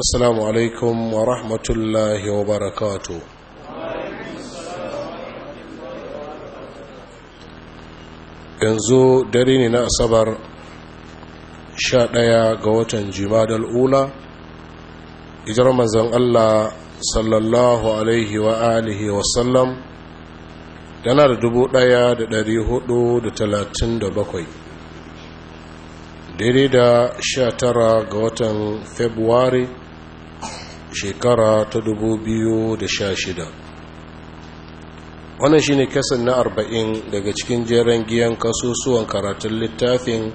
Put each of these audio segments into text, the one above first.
assalamu alaikum wa rahmatullahi wa barakatu yanzu dare ne na asabar sha ɗaya ga watan jimadal ula ijar manzan allah sallallahu alaihi wa alihi wasallam yana da dubu ɗaya da dari hudu da talatin da bakwai daidai da sha tara ga watan februari shekara ta 2016 wannan shine kasan na 40 daga cikin jeren giyan kasusuwan karatun littafin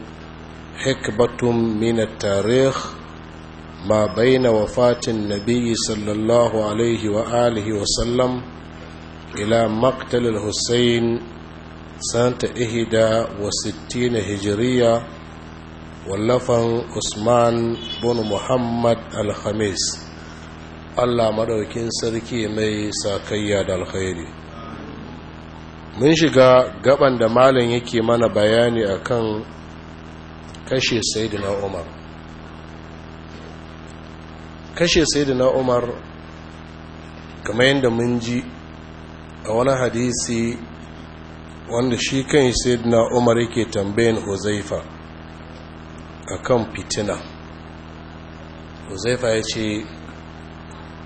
hikbatun minat tarikh ma baina wafatin nabiyyi sallallahu alaihi wa alihi wa sallam ila maqtal al Santa Ihida wa 60 hijriya wallafan usman bin muhammad al allah maɗaukin sarki mai sakayya da alkhairi mun shiga gaban da malin yake mana bayani akan kashe sayyidina umar kashe sayyidina umar kamar yadda mun ji a wani hadisi wanda shi kan sayyidina umar yake tambayin huzaifa akan fitina huzaifa ya ce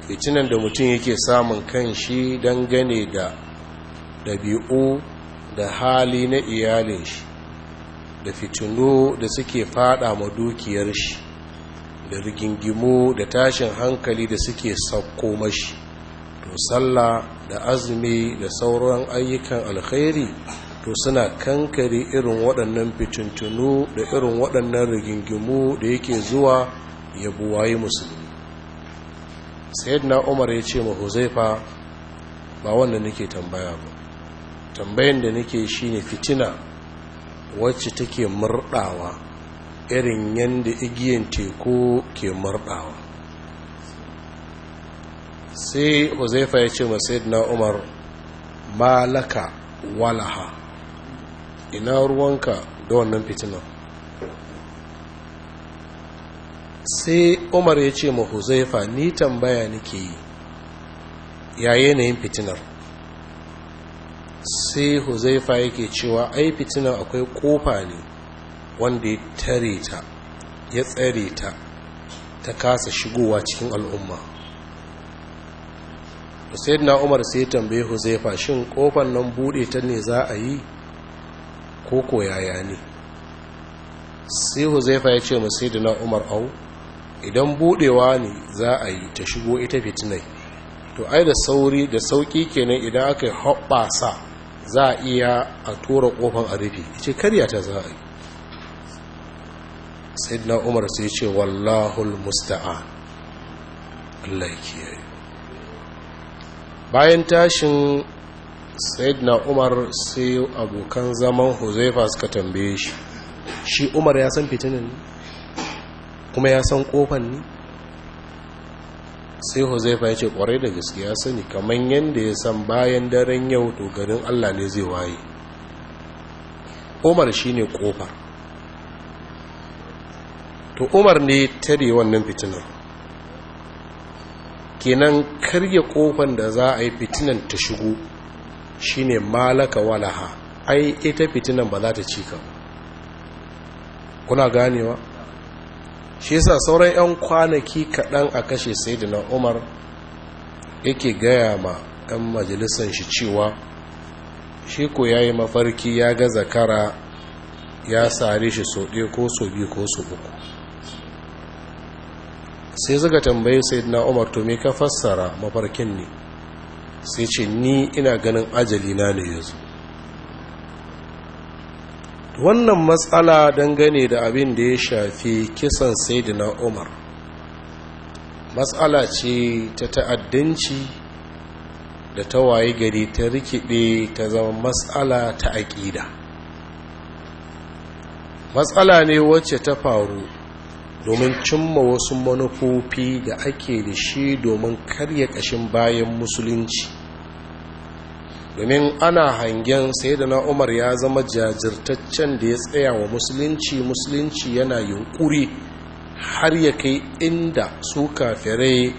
fitinan da mutum yake samun kan shi dangane da ɗabi'u da hali na iyalin shi da fitinu da suke fada ma dukiyar shi da rigingimu da tashin hankali da suke sakko mashi to sallah da azumi da sauran ayyukan alkhairi to suna kankare irin waɗannan fitintunu da irin waɗannan rigingimu da yake zuwa ya buwaye musulmi sayyidina umar ya ce ma huzaifa ba wannan nake tambaya ba tambayan da nake shine fitina wacce take murdawa irin yadda igiyan teku ke murdawa sai huzaifa ya ce ma sayyidina umar malaka walaha ina ruwanka da wannan fitinan sai umar ya ce ma huzaifa ni tambaya nake yi ya yanayin fitinar sai huzaifa yake cewa ai fitinar akwai kofa ne wanda ya tare ta ya tsare ta ta kasa shigowa cikin al'umma sai na umar sai tambaye huzaifa shin kofan nan bude ta ne za a yi ko yaya ne sai huzaifa ya ce mu na umar au idan budewa ne za a yi ta shigo ita fitinai to ai da sauri da sauki kenan idan aka hoɓasa za a iya a tura kofan a rufe ce karya ta za a yi na umar sai ce wallahul musta'a Allah kiyaye bayan tashin sayyidina umar sai abokan zaman huzaifa suka tambaye shi shi umar ya san fitinin kuma ya san kofan ne sai huzaifa ya ce kwarai da gaske ya sani kamar yadda ya san bayan daren yau to garin allah ne zai waye umar shi ne kofar to umar ne tare wannan fitinar kenan karya kofan da za a yi fitinan ta shigo shi ne malaka walaha ai ita fitinan ba za ta ci ka kuna ganewa shi yasa sauran 'yan kwanaki kaɗan a kashe saidina umar yake gaya ma 'yan majalisar shi cewa shi ko ya yi mafarki ya ga zakara ya sare shi so ɗaya ko so biyu ko so uku sai zaga tambayi saidina umar to me ka fassara mafarkin ne sai ce ni ina ganin ajali na ne yanzu wannan matsala dangane da abin da ya shafi kisan saidina umar matsala ce ta ta'addanci da ta waye gari ta rikide ta zama matsala ta aƙida matsala ne wacce ta faru domin cimma wasu manufofi da ake da shi domin karya ƙashin bayan musulunci domin ana hangen sai da na umar ya zama jajirtaccen da ya tsaya wa musulunci musulunci yana yunkuri har ya kai inda su kafirai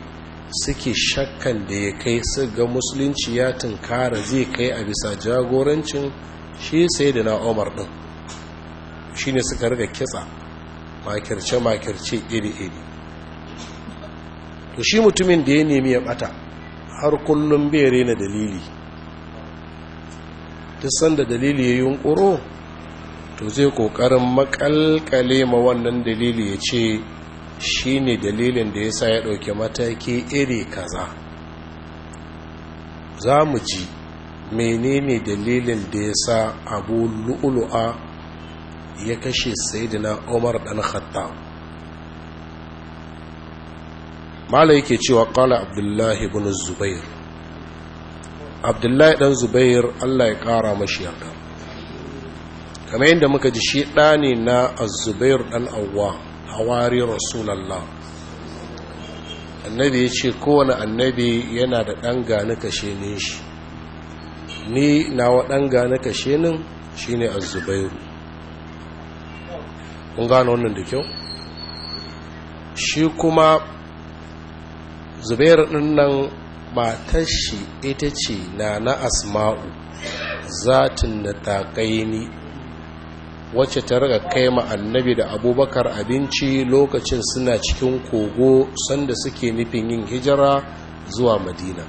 suke shakkan da ya kai su ga musulunci ya tunkara zai kai a bisa jagorancin shi sai da na umar ɗin shi ne suka riga kitsa makirce-makirce iri-iri to shi mutumin da ya nemi ya ɓata har kullum bai rena dalili duk sanda dalili ya yunkuro to zai kokarin makalkale ma wannan dalili ya ce shi ne dalilin da ya sa ya ɗauki mataki iri kaza za mu ji menene dalilin da ya sa abu lu'ulu'a ya kashe saidina umar dan khattab malai ke cewa kala abdullahi bin zubair abdullahi dan zubair allah ya kara mashi yarda kamar yadda muka ji shi ɗani na azubair ɗan awwa hawari rasulallah annabi ya ce kowane annabi yana da ɗan gani kashe ne shi ni nawa ɗan gani kashe nin shi ne azubairu kun gano wannan da kyau shi kuma zubairu ɗin nan matar shi ita ce na na asma'u zatin da ni. wacce ta raga kai ma annabi da abubakar abinci lokacin suna cikin kogo sanda suke nufin yin hijira zuwa madina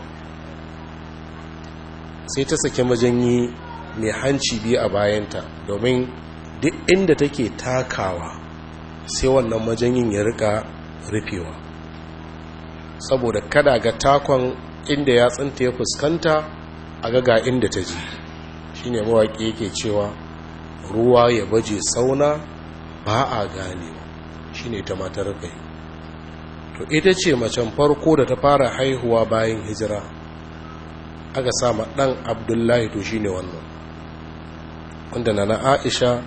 sai ta sake majanyi mai hanci biyu a bayanta domin duk inda take takawa sai wannan majanyin ya rika rufewa saboda kada ga takon inda ya tsinta ya fuskanta a gaga inda ta ji shi ne mawaƙi yake cewa ruwa ya baje sauna ba a gane shi ne ta matar kai to ita ce macen farko da ta fara haihuwa bayan hijira aka sama ɗan abdullahi to shi ne wannan wanda na na aisha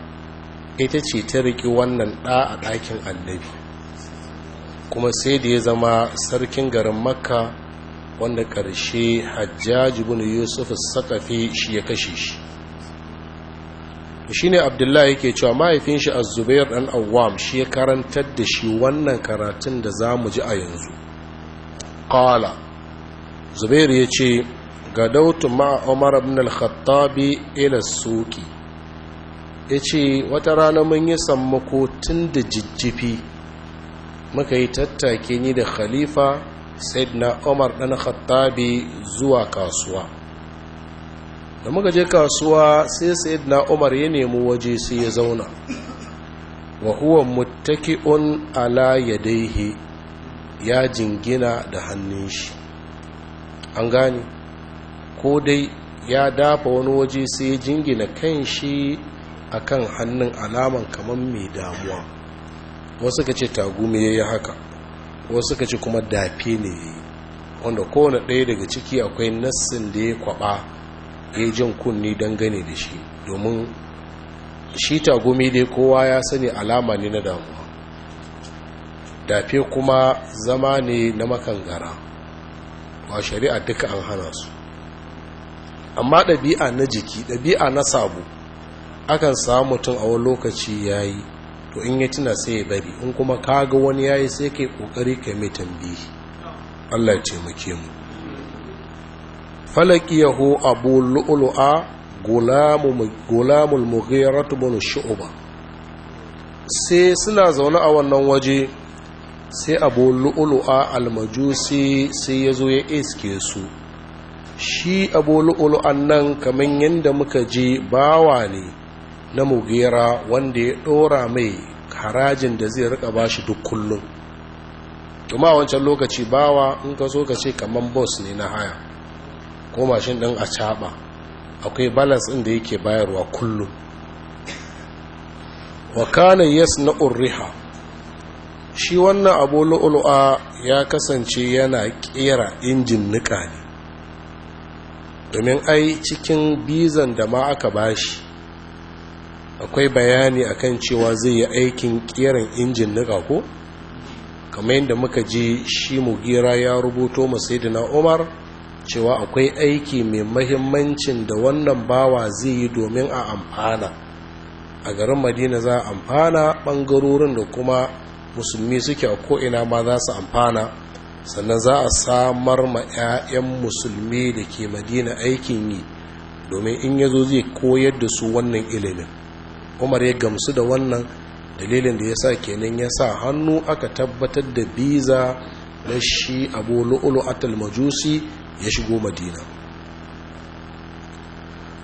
ita ce ta riƙi wannan ɗa a ɗakin annabi kuma sai da ya zama sarkin garin makka wanda ƙarshe hajjaji bin yusuf sakafi shi ya kashe shi shi ne abdullahi yake cewa mahaifin shi azubair ɗan awam shi ya karantar da shi wannan karatun da za mu ji a yanzu ƙala zubair ya ce ga gadautu ma'a umar ibn al-khattabi ila suki ya ce wata rana mun yi sammako tun da jijjifi muka yi tattakini ni da khalifa na umar dan khattabi zuwa kasuwa da muka je kasuwa sai na umar ya nemi waje sai ya zauna wa huwa muttaki'un ala yadayhi ya jingina da hannun shi an gane ko dai ya dafa wani waje sai ya jingina kan shi akan hannun alaman kamar mai damuwa wasu ka ce tagume ya yi haka wasu ka ci kuma dafe ne wanda kowane ɗaya daga ciki akwai nassin da ya kwaɓa ya jin kunni don gane da shi domin shi tagumi dai kowa ya sani alama ne na damuwa dafe kuma zama ne na makangara ba shari'a duka an hana su amma ɗabi'a na jiki ɗabi'a na sabo akan samu mutum a wani lokaci ya yi to in ya tuna sai ya bari in kuma kaga wani ya yi sai kai kokari ka mai tambihi Allah ce muke mu falakiyahu abu a gulamul ratu bin shu'ba sai suna zaune a wannan waje sai abu a almajusi sai ya zo ya iske su shi abu an nan kaman yadda muka ji bawa ne na mugera wanda ya dora mai harajin da zai rika bashi duk kullum kuma wancan lokaci bawa in ka so ka ce kaman bus ne na haya ko mashin ɗin a caba akwai balance ɗin da yake bayarwa kullum Wakana kana na Uriha shi wannan abu lu'lu'a ya kasance yana kera injin nika ne domin ai cikin bizan da ma aka bashi akwai bayani akan cewa zai yi aikin kiran injin nika ko kamar yadda muka ji shi mu mugira ya rubuto masaidina umar cewa akwai aiki mai mahimmancin da wannan bawa zai yi domin a amfana a garin madina za a amfana ɓangarorin da kuma musulmi suke a ko'ina ma za su amfana sannan za a samar ma 'ya'yan musulmi da ke madina aikin yi domin in yazo zai koyar da su wannan ilimin umar ya gamsu da wannan dalilin da ya sa kenan ya sa hannu aka tabbatar da biza na shi abu lu'ulu atal majusi ya shigo madina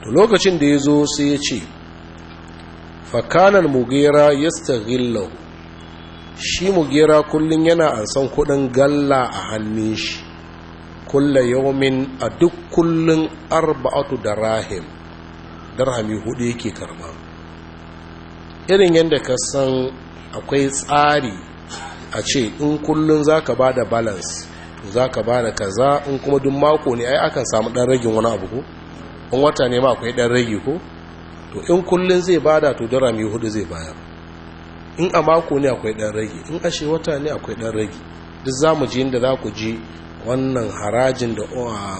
to lokacin da ya zo sai ya ce fakanan mugera ya staghillahu shi mugera kullum yana ansan kudin galla a hannun shi kulla yawmin a duk kullum arba'atu da rahim darhami hudu yake karɓa. irin yadda ka san akwai tsari a ce in kullum za ka ba da balance za ka ba da kaza in kuma duk mako ne ai akan samu ɗan ragin wani abu ko in wata ne ma akwai ɗan ragi ko to in kullum zai bada to dara mai hudu zai bayar in a mako ne akwai ɗan ragi in ashe wata ne akwai ɗan ragi duk za mu ji inda za ku ji wannan harajin da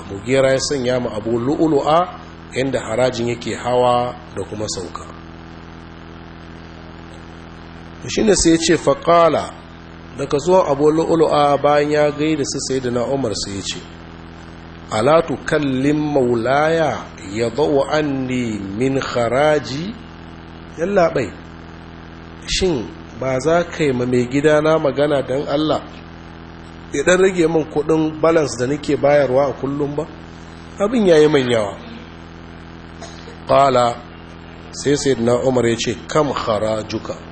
mugera ya sanya mu abu lu'ulu'a inda harajin yake hawa da kuma sauka shi ne sai ce faƙala daga zuwan abu lu'ulu'a bayan ya gaida su sai da na'umar sai ya ce alatu kallin maulaya ya zau anni min haraji yallaɓai shin ba za ka yi ma mai gidana magana don allah ya ɗan rage min kuɗin balance da nake bayarwa a kullum ba abin ya yi manyawa ƙala sai sai na umar ya ce kam harajuka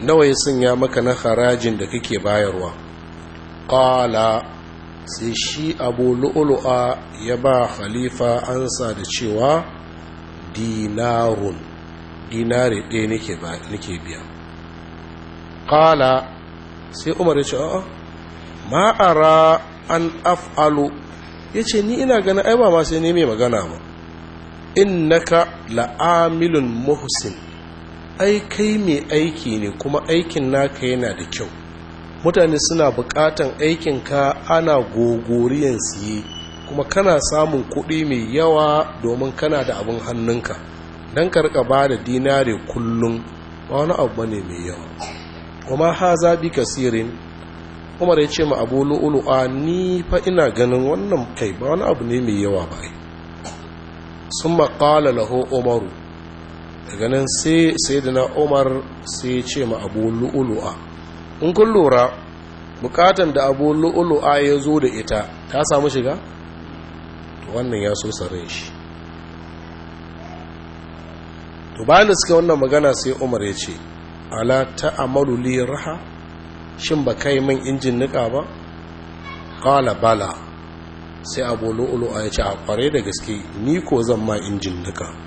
nawa ya sanya maka na harajin da kake bayarwa ƙala sai shi abu lu'ulu'a ya ba khalifa ansa da cewa dinarun dinari ɗaya nake biya ƙala sai umar ya ce a'a ma'ara an af'alu ya ce ni ina ganin ai ba ma sai ne mai magana ba innaka la'amilun muhsin ai kai mai aiki ne kuma aikin naka yana da kyau mutane suna bukatan aikinka ana gogoriyan siye kuma kana samun kuɗi mai yawa domin kana da abin hannunka don karka ba da dinare kullum ba wani abu ne mai yawa kuma ha zaɓi kasirin umar ya ce ma abu lu'ulu'a ni fa ina ganin wannan kai ba wani abu ne mai yawa ba sun maƙala laho umaru daga nan sai da na umar sai ya ce ma abu lu'ulu'a in kun lura bukatan da abu lu'ulu'a ya zo da ita ta samu shiga to wannan ya so sarin shi to bayan da suka wannan magana sai umar ya ce ala ta amalu li raha shin ba kai min injin nika ba kala bala sai abu lu'ulu'a ya ce a kware da gaske ni ko zan ma injin nika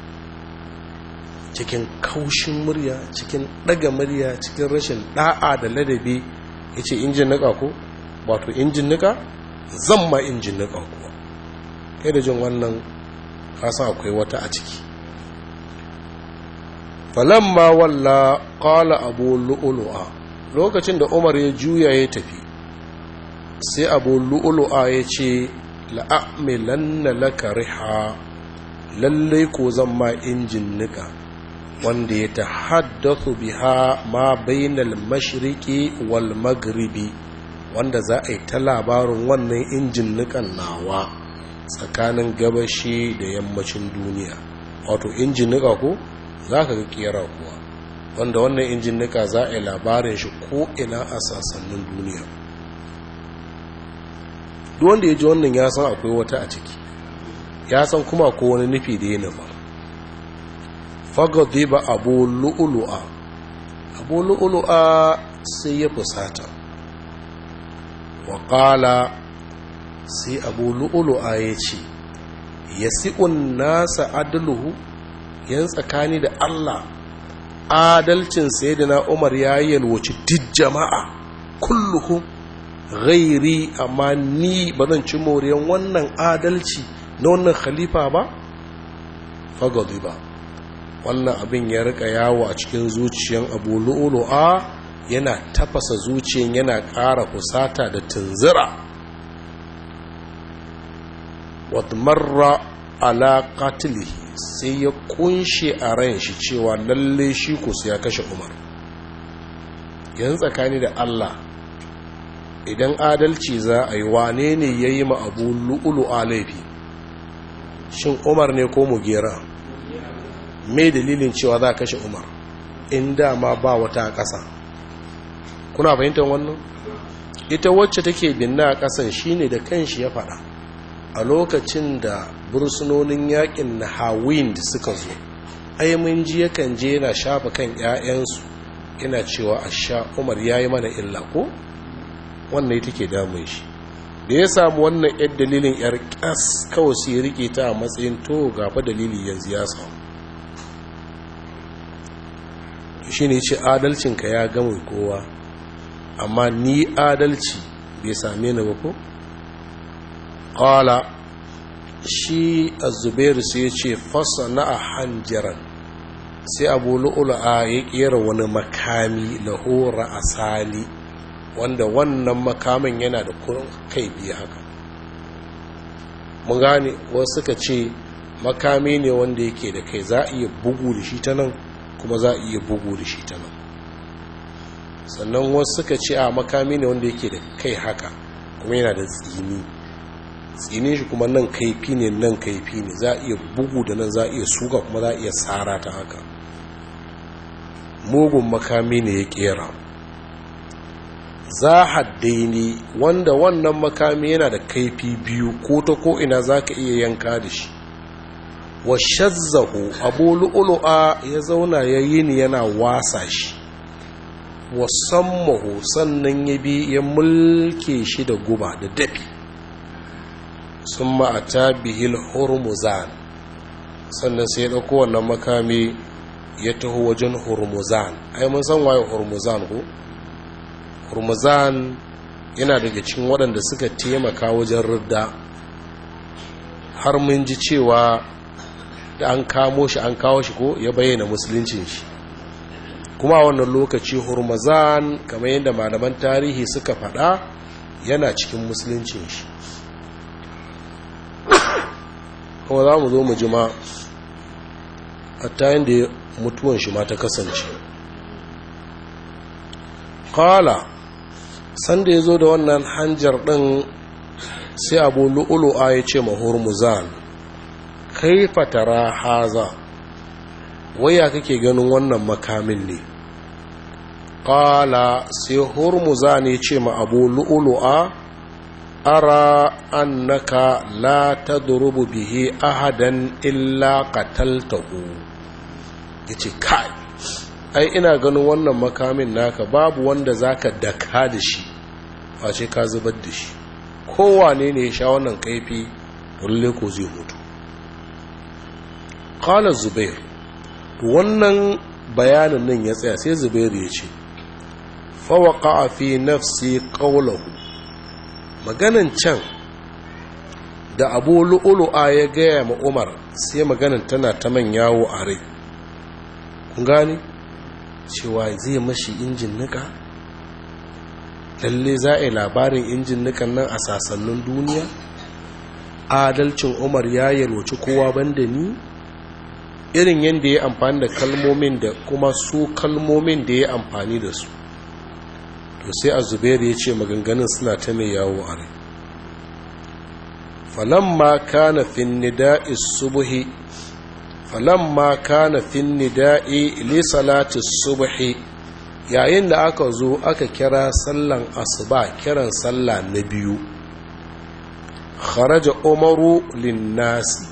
cikin kaushin murya cikin daga murya cikin rashin da'a da ladabi ya ce injin nika ko wato injin nika zan ma injin nika ko kai da jin wannan kasa akwai wata a ciki ma walla kala abu lu'ulu'a lokacin da umar ya juya ya tafi sai abu lu'ulu'a ya ce na laka riha lallai ko zan ma injin nika wanda ya ta tahaddathu biha ma bainal mashiriki wal magribi wanda za a yi ta labarin wannan injin nukan nawa tsakanin gabashi da yammacin duniya wato injin nuka ko za ka ga kuwa wanda wannan injin nuka za a yi labarin shi ko ina a sassanin duniya duk wanda ya ji wannan ya san akwai wata a ciki ya san kuma ko wani nufi da ya nufa fagadiba abu lu'ulu'a abu lu'ulu'a sai ya fusata waƙala sai abu lu'ulu'a ya ce ya si'un nasa adaluhu yan tsakani da allah adalcin da umar ya yi yalwaci duk jama'a kulluku Gairi, amma ni ba zan ci moriyan wannan adalci na wannan khalifa ba fagadiba wannan abin ya rika yawo a cikin zuciyan abu lu'ulu'a yana tafasa zuciyan yana ƙara kusata da tunzira wadmarra ala qatlihi sai ya kunshe a ran shi cewa lalle shi ku ya kashe umar yan tsakani da allah idan adalci za a yi wane ne ya yi ma abu lu'ulu'a laifi shin umar ne ko mugera mai dalilin cewa za a kashe umar in dama ba wata a ƙasa kuna fahimtar wannan ita wacce take binna a ƙasan shine da kanshi ya faɗa a lokacin da bursunonin yakin na hawin da suka zo ai ji yakan je yana shafa kan 'ya'yansu ina cewa a sha umar ya yi mana illa ko wannan ita ke damun shi da ya samu wannan 'yar dalilin 'yar kas kawai su yi rike ta a matsayin to gafa dalili yanzu ya samu shi ne ce adalcinka ya gama kowa amma ni adalci bai same ni ba ko shi shi azubairu sai ce fasa na a hanjiran sai abu lu'ula'a ya kera wani makami lahora asali wanda wannan makamin yana da kurin kai biya haka mun gane wasu ka ce makami ne wanda yake da kai za a iya bugu da shi ta nan kuma za a iya bugu da shi ta nan sannan wasu suka ce a makami ne wanda yake da kai haka kuma yana da tsini tsini shi kuma nan kaifi ne nan kaifi ne za a iya bugu da nan za a iya suka kuma za a iya tsara ta haka mugun makami ne ya kera za ne wanda wannan makami yana da kaifi biyu ko ta ko ina za ka iya yanka da shi wa shazzahu abu lu'ulu'a ya zauna ya yi ni yana wasa shi wa sammahu sannan ya bi ya mulke shi da guba da dafi sun ma'ata bihil hormuzan sannan sai ya ɗauko wannan makami ya taho wajen hurmuzan ai mun san waye hormuzan ko hormuzan yana daga cikin waɗanda suka taimaka wajen ridda har mun ji cewa da an kamo shi an kawo shi ko ya bayyana musuluncin shi kuma wannan lokaci hurmazan kamar yadda malaman tarihi suka faɗa yana cikin musuluncin shi kuma za mu zo mu jima a tayin da mutuwan shi ma ta kasance kala sanda ya zo da wannan hanjar ɗin sai abu lu'ulu'a ya ce ma hurmuzan kaifa tara haza waya kake ganin wannan makamin ne qala sai hurmuza ne ce ma abu lu'lu'a ara annaka la tadrubu bihi ahadan illa qataltahu yace kai ai ina ganin wannan makamin naka babu wanda zaka daka da shi face ka zubar da shi kowane ne ya sha wannan kaifi wani ko zai hutu kala zubair wannan bayanin nan ya tsaya sai zubair ya ce fawaka a fi nafsi ƙaunahu maganan can da abu lu'ulu'a ya gaya ma umar sai maganan tana ta man yawo a rai kun gani cewa zai mashi injin nika lalle za a yi labarin injin nikan nan a sasannin duniya adalcin umar ya yalwaci kowa banda ni irin yadda ya amfani da kalmomin da kuma su kalmomin da ya amfani da su to sai a zubairu ya ce maganganun suna ta mai yawo a rai falamma kana fin nida'i subhi falamma kana fin nida'i li subuhi yayin da aka zo aka kira sallan asuba kiran salla na biyu kharaja umaru linnasi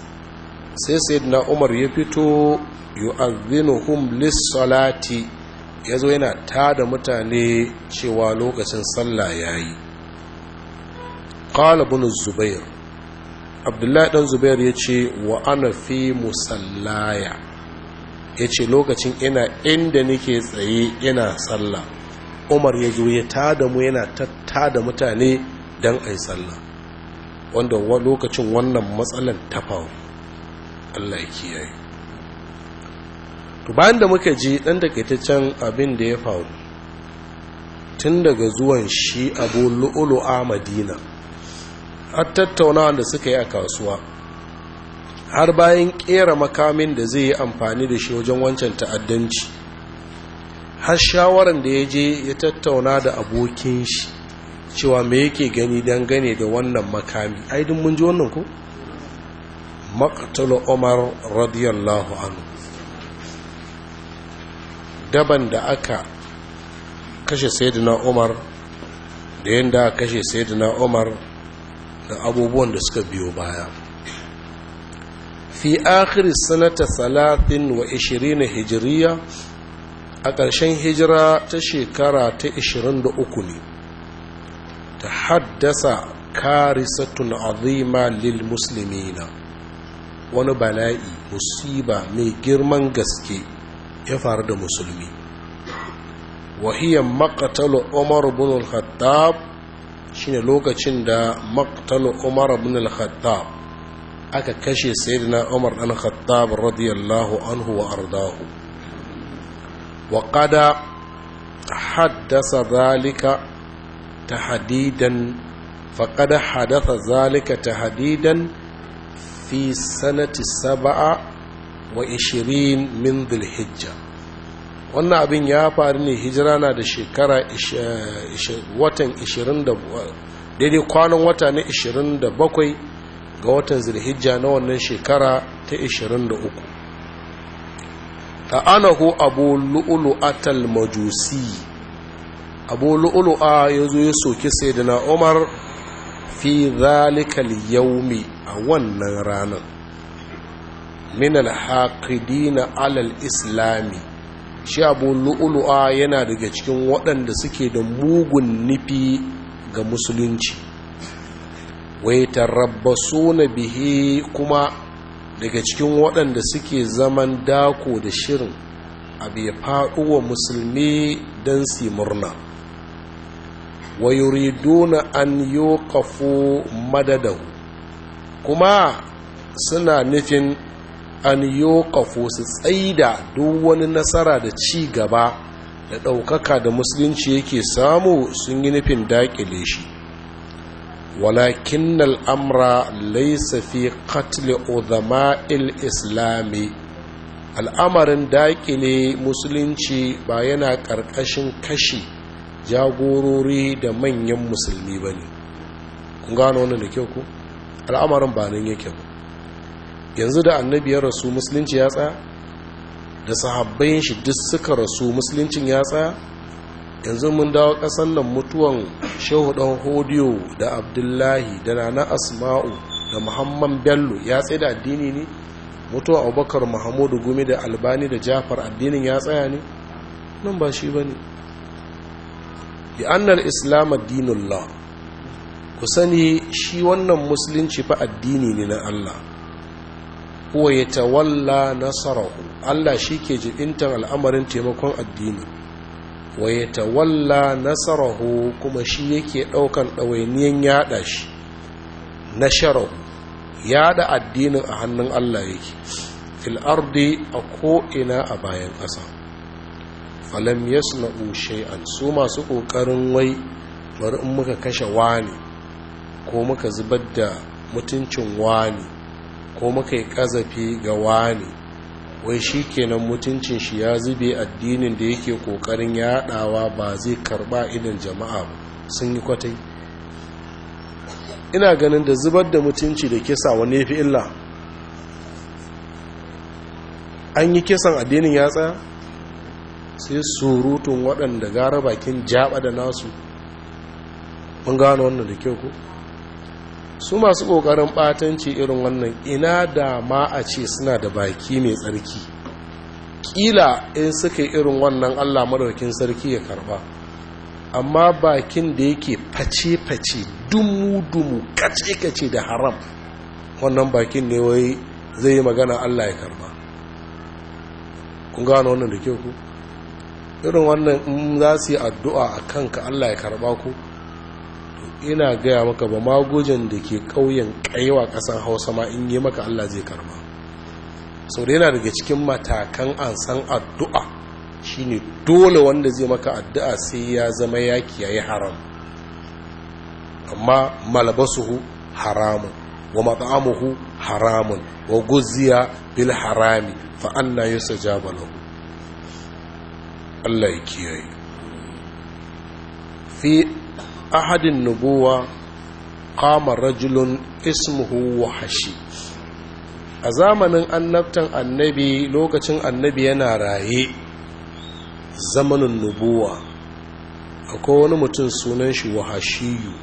sai sayyidina umar ya fito yu'adhinuhum lis-salati yazo yana tada mutane cewa lokacin sallah yayi qala ibn zubair abdullahi dan zubair yace wa ana fi musallaya yace lokacin ina inda nake tsaye ina sallah umar yazo ya tada mu yana tada mutane dan ai sallah wanda lokacin wannan matsalan ta faru Allah ya kiyaye bayan da muka ji ɗan takaitaccen abin da ya faru tun daga zuwan shi abu a madina har tattaunawa da suka yi a kasuwa har bayan ƙera makamin da zai yi amfani da shi wajen wancan ta'addanci har shawarar da ya je ya tattauna da abokin shi cewa me yake gani dangane da wannan makami aidin mun ji wannan ko? maqtul umar radiyallahu anhu daban da aka kashe sayyidina umar da yadda a kashe sayyidina umar da abubuwan da suka biyo baya fi akhir sanata 23 hijiriya a ƙarshen hijira ta shekara ta 23 ne ta haddasa karisatun azima lil muslimina wani bala'i musiba mai girman gaske ya faru da musulmi wahiyar makatalu umar bin al-khattab shine lokacin da makatalu umar bin al-khattab aka kashe sayyidina umar dan khattab radiyallahu anhu wa ardahu wa qada haddasa zalika tahdidan faqad hadatha zalika tahdidan fi sanati saba'a wa ishirin min dhulhijja wannan abin ya faru ne hijira na da shekara watan 20 daidai kwanan wata na 27 ga watan zulhijja na wannan shekara ta 23 ta'anahu abu lu'lu'atal majusi abu lu'lu'a ya zo ya soki sayyidina umar fi zalikal yaumi a wannan ranar min alhaqidina alal islami shi abu lu'ulu'a yana daga cikin waɗanda suke da mugun nufi ga musulunci wai tarabbasu na bihe kuma daga cikin waɗanda suke zaman dako da shirin abu ya wa musulmi don si murna wa yuriduna an yuqafu madadahu kuma suna nufin an yi kafo su tsaida duk wani nasara da ci gaba da ɗaukaka da musulunci yake samu sun yi nufin daƙile shi walakin al'amra laisa fi katli uzama'il islami al'amarin daƙile musulunci ba yana ƙarƙashin kashi jagorori da manyan musulmi ba ne kun gano wannan da kyau ko? al'amarin ba nan yake ba yanzu da annabi ya rasu musulunci ya tsaya da sahabbayin shi duk suka rasu musuluncin ya tsaya yanzu mun dawo kasan nan mutuwan shahudan ɗan hodiyo da abdullahi da nana asma'u da muhammad bello ya tsaye da addini ne mutuwan abubakar muhammadu gumi da albani da jafar addinin ya tsaya ne nan ba shi ba ne bi annal islam addinullah ku sani shi wannan musulunci fa addini ne na Allah huwa ya tawalla nasarahu Allah shi ke jibintan al'amarin taimakon addini wa ya tawalla nasarahu kuma shi yake ɗaukan ɗawainiyan yaɗa shi nasharahu yaɗa addinin a hannun Allah yake fil ardi a ko'ina a bayan ƙasa falam yasna'u shay'an su masu ƙoƙarin wai bari in muka kashe wani ko muka zubar da mutuncin wani ko muka yi ƙazafi ga wani wai shi kenan mutuncin shi ya zube addinin da yake kokarin yadawa ba zai karba idan jama'a sun yi kwatai ina ganin da zubar da mutunci da kisa wani fi illa an yi kisan addinin ya tsaya sai surutun waɗanda gara bakin jaba da nasu mun gano wannan da kyau ko su masu kokarin ɓatanci irin wannan ina da ma a ce suna da baki mai tsarki ƙila in suka irin wannan allah maraukin sarki ya karba amma bakin da yake face-face dumu-dumu kace-kace da haram wannan bakin ne wai zai yi magana allah ya karba kun gano wannan da kyau ku irin wannan in za su yi addu'a a kanka allah ya karba ku ina gaya maka ba magojin da ke ƙauyen ƙaiwa ƙasan hausa ma in yi maka allah zai karba sau da yana daga cikin matakan ansan addu'a shine dole wanda zai maka addu'a sai ya zama ya kiyaye haram amma malabasuhu haramun wa hu haramun wa guziya bil harami fa anna yusajaba lahu Allah ya kiyaye fi ahadin nubuwa kama rajulun ismuhu wahashi a zamanin annabtan annabi lokacin annabi yana raye zamanin nubuwa akwai wani mutum sunan shi wahashiyu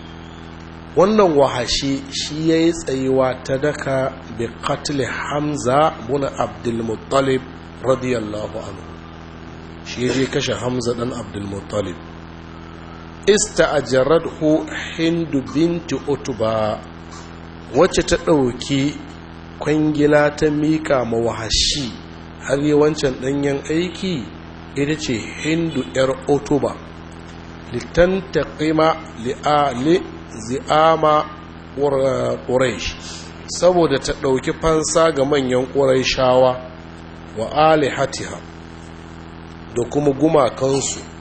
wannan wahashi shi ya yi tsayewa ta daka bi katile hamza muna abdulmuttalib radiyallahu anhu shi ya je kashe hamza dan abdulmuttalib ista'ajarathu hindu binti utuba wacce ta ɗauki kwangila ta miƙa ma wahashi har yi wancan ɗanyen aiki ita ce hindu ‘yar utuba littanta ƙima li'ali zi'ama ƙuraish saboda ta ɗauki fansa ga manyan ƙuraishawa wa alihatiha da kuma gumakansu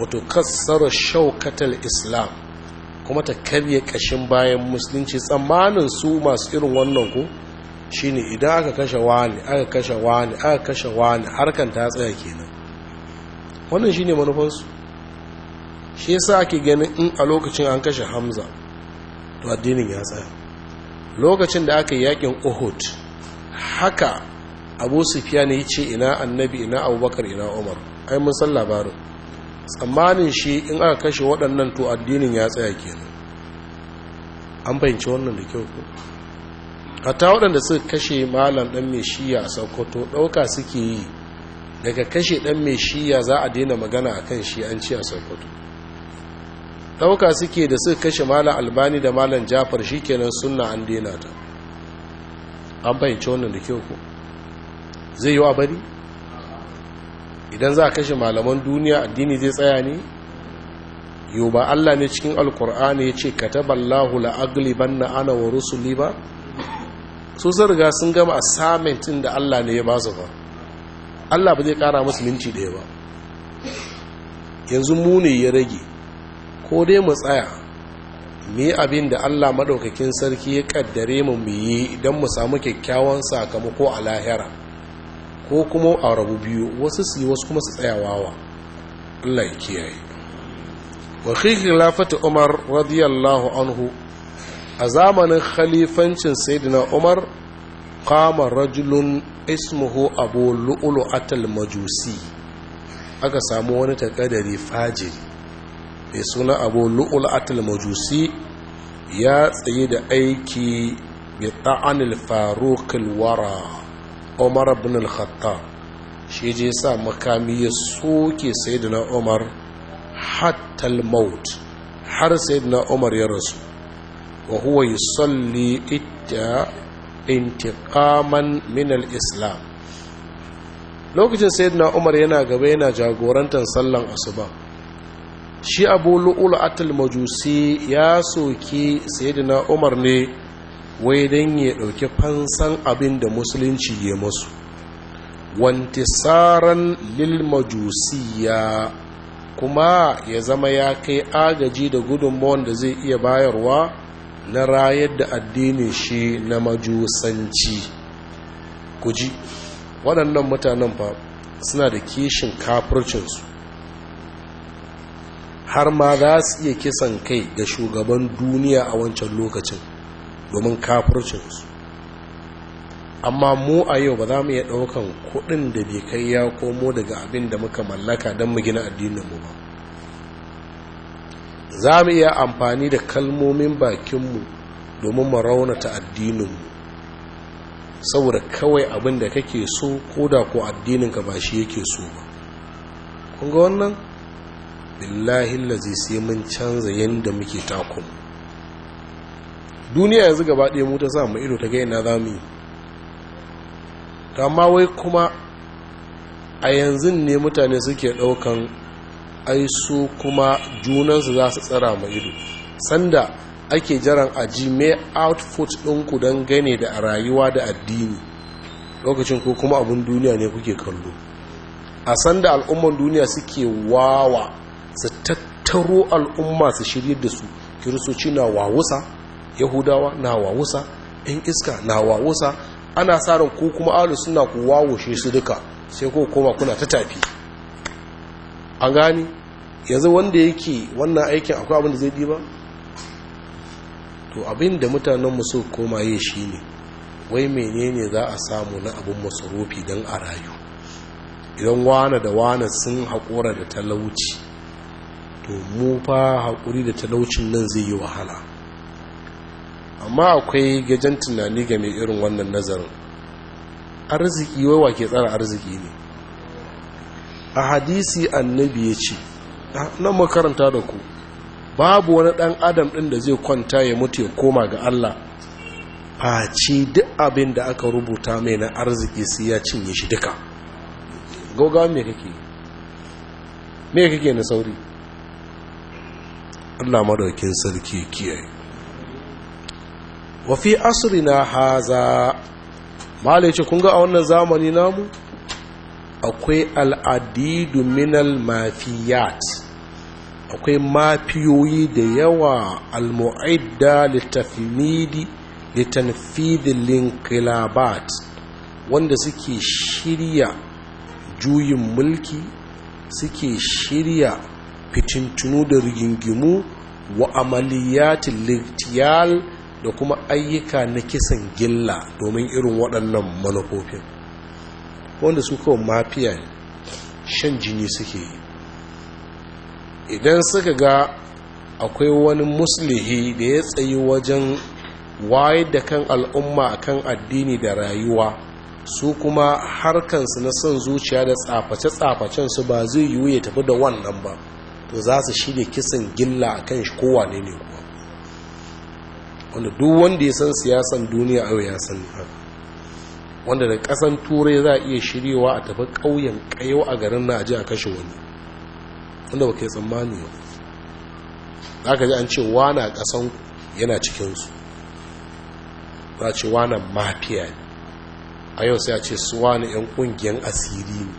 wato kassara shaukatar islam kuma ta karye kashin bayan musulunci tsammanin su masu irin wannan ku shine idan aka kashe wani aka kashe wani aka kashe wani harkan ta tsaya kenan wannan shine manufansu shi yasa ake ganin in a lokacin an kashe hamza to addinin ya tsaya lokacin da aka yi yakin uhud haka abu sufiya ne ya ce ina annabi ina abubakar ina umar ai mun san labarin tsammanin shi in aka kashe waɗannan to addinin ya tsaya kenan an fahimci wannan da kyau ko hatta waɗanda suka kashe malam ɗan mai shiya a sokoto ɗauka suke yi daga kashe ɗan mai shiya za a daina magana a kan shi an ci a sokoto ɗauka suke da suka kashe malam albani da malam jafar shi kenan suna an daina ta an fahimci wannan da kyau ko zai yi wa bari idan za a kashe malaman duniya addini zai tsaya ne yau ba Allah ne cikin alkur'ani ya ce ka la'agli ban na ana wa rusuli ba su sun riga sun gama assignmentin da Allah ne ya ba su ba Allah ba zai kara musu minci ɗaya ba yanzu muni ya rage ko dai mu tsaya mu yi abin da Allah maɗaukakin sarki ya ƙaddare mu mu yi idan mu samu kyakkyawan sakamako a lahira ko kuma a rabu biyu wasu su yi wasu kuma su tsayawawa Allah kiyaye wa Umar radiyallahu anhu a zamanin khalifancin sayyidina Umar qama rajulun ismuhu Abu atal Majusi aka samu wani takadari fajiri mai suna Abu atal Majusi ya tsaye da aiki bi ta'anil Faruqil Wara umar bin al khatta shi je sa makami ya soke sayyidina umar hatta al-maut har sayyidina umar ya rasu wa huwa yusalli itta intiqaman min al-islam lokacin sayyidina umar yana gaba yana jagorantar sallan asuba shi abu lu'ul atal majusi ya soke sayyidina umar ne wai don ya ɗauki fansan abin da musulunci ya masu wantisaran lilmajusiya kuma ya zama ya kai agaji da gudunmawan da zai iya bayarwa na rayar da addinin shi na majusanci ku ji waɗannan mutanen fa suna da kishin kafircinsu har ma za su iya kisan kai ga shugaban duniya a wancan lokacin domin kafircinsu amma mu a yau ba za mu iya ɗaukan kuɗin da bai kai ya komo daga abin da muka mallaka don mu gina addininmu ba za mu iya amfani da kalmomin bakinmu domin mu raunata addininmu saboda kawai abin da kake so ko da ko addininka ba shi yake so ba kun ga wannan billahi lazi sai mun canza yadda muke takunmu duniya yanzu gaba ɗaya mu sa mu ido ta ga ina za mu yi amma wai kuma a yanzu ne mutane suke ɗaukan aiso kuma junansu za su tsara ma ido sanda ake jiran aji mai output ɗinku don gane da a rayuwa da addini lokacin ko kuma abin duniya ne kuke kallo a sanda al'umman duniya suke wawa su tattaro al'umma su shirye da su kirisoci na wawusa yahudawa na wawusa yan iska na wawusa ana sa ran ku kuma alu suna ku wawushe su duka sai ko koma kuna ta tafi an gani yanzu wanda yake wannan aikin akwai abin da zai diba to abin da mutanen musu koma yi ne wai menene za a samu na abin masarufi don a rayu idan wane da wane sun haƙura da talauci to mu fa haƙuri da talaucin nan zai yi wahala amma akwai gajen tunani ga mai irin wannan nazarin arziki wai ke tsara arziki ne a hadisi annabi ya ce nan makaranta da ku babu wani dan adam ɗin da zai kwanta ya mutu ya koma ga Allah face duk abin da aka rubuta mai na arziki sai ya cinye shi duka gaugawa mai kake me kake na sauri Allah madaukin sarki kiyaye wa fi asrina haza malai ce kun ga a wannan zamani namu akwai al'adidu minal mafiyat akwai mafiyoyi da yawa al-mu'idda littafimidi littafidin linkilabat wanda suke shirya juyin mulki suke shirya fitintunu da rigingimu wa amaliyatin liktiyal da kuma ayyuka na kisan gilla domin irin waɗannan manufofin wanda su kawo mafiya shan jini suke yi idan suka ga akwai wani muslihi da ya tsayi wajen waye da kan al'umma akan addini da rayuwa su kuma harkansu na son zuciya da tsaface-tsafacen su ba zai yiwu ya tafi da wannan ba to za su shirya kisan gilla akan shi kowane ne kuwa wanda duk wanda ya san siyasan duniya a ya san wanda da kasan turai za a iya shiryewa a tafi ƙauyen kayo a garin na aji a kashe wani wanda ba ke tsammani ba za ka ji an ce wana kasan yana cikinsu za a ce wana mafiya ne a yau sai a ce su wani 'yan ƙungiyar asiri ne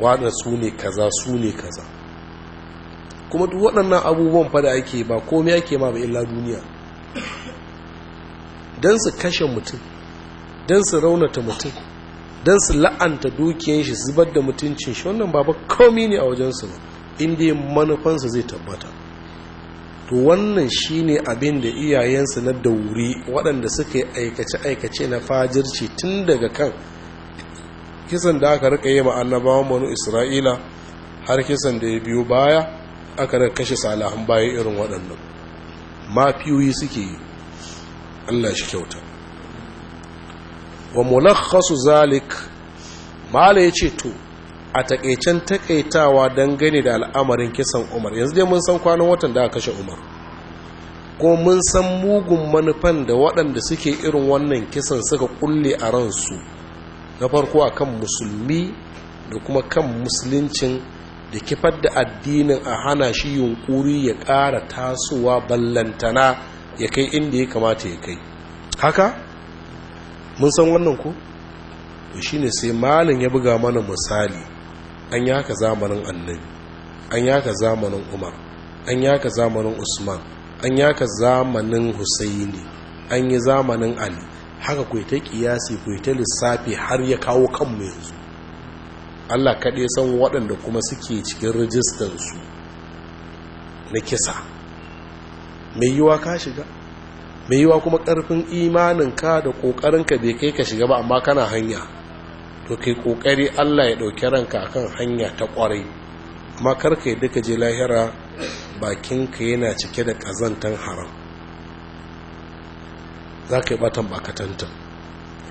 wana su ne kaza su ne kaza kuma duk waɗannan abubuwan fada ake ba komai ake ma ba illa duniya don su kashe mutum don su raunata mutum don su la'anta dukiyar shi zubar da mutuncin shi wannan babu komi ne a wajensu ba inda manufansa zai tabbata to wannan shi ne abin da iyayensu na dauri waɗanda suka yi aikace-aikace na fajirci tun daga kan kisan da aka rika yi ma'annabawan manu isra'ila har kisan da ya biyo baya aka rika kashe salahan bayan irin waɗannan Ma mafiyoyi suke yi Allah shi kyauta wa mulakhasu zalik mala yace to a takeicen takaitawa dangane da al'amarin kisan Umar yanzu dai mun san kwanan watan da aka kashe Umar ko mun san mugun manufan da waɗanda suke irin wannan kisan suka kulle a ransu na farko akan musulmi da kuma kan musuluncin da kifar da addinin a hana shi yunkuri ya ƙara tasowa ballantana ya kai inda ya kamata ya kai haka mun san wannan ko shi ne sai malin ya buga mana misali an yaka zamanin annabi an yaka zamanin umar an yaka zamanin usman an yaka zamanin husaini an yi zamanin ali haka kwaita kiyasi kwaita lissafi har ya kawo kanmu yanzu Allah kaɗai san waɗanda kuma suke cikin su na kisa mai yiwa ka shiga mai yiwa kuma ƙarfin imaninka da ƙoƙarinka bai kai ka shiga ba amma kana hanya to kai ƙoƙari Allah ya ɗauki ranka akan hanya ta ƙwarai amma karka yi duka je lahira bakinka yana cike da ƙazantan haram za ka yi batan bakatantan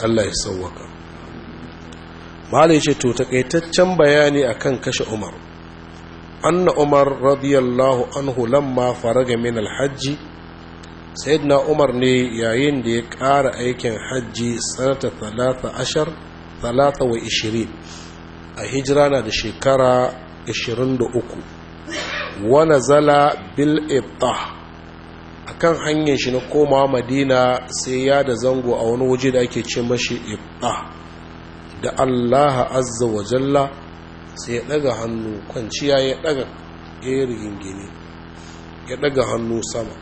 Allah ya sauwaka malai ce to takaitaccen bayani akan kashe umar anna umar radiyallahu anhu lamma faraga min alhajji sayyidina umar ne yayin da ya ƙara aikin hajji sanata talata ashar talata wa ishirin a hijira na da shekara da uku, wana zala bil ibta a kan hanyar shi na koma madina sai ya da zango a wani waje da ake ce mashi ibta da Allah azza wa jalla sai ya daga hannu kwanciya ya daga irin rigingine ya daga hannu sama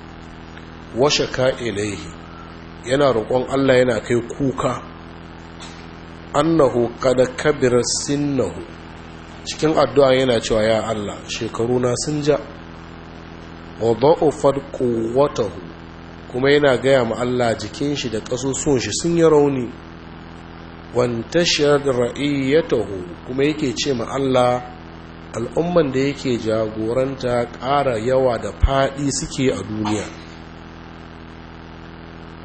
washe ka ilaihi yana roƙon Allah yana kai kuka annahu kada kabira sinnahu cikin addu'a yana cewa ya Allah shekaru na sun ja wa wata kuma yana gaya ma Allah jikin shi da kasusuwan shi sun yi rauni ya ra'iyyatahu kuma yake ce ma Allah al'umman da yake jagoranta ƙara yawa da faɗi suke a duniya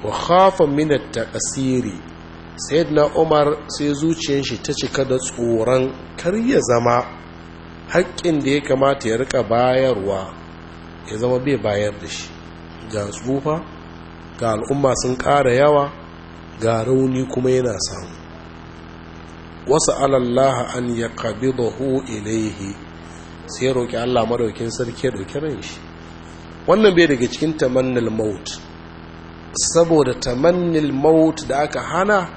wa khafa asiri, taqsiri na Umar sai zuciyar shi ta cika da tsoron kar ya zama haƙƙin da ya kamata ya rika bayarwa ya zama bai bayar da shi ga tsufa ga al'umma sun ƙara yawa ga rauni kuma yana samu wasu alallaha an ya bahu ilaihi sai roƙi Allah madaukin sarki ya ɗauki ran shi wannan bai daga cikin tamannil maut saboda tamannil maut da aka hana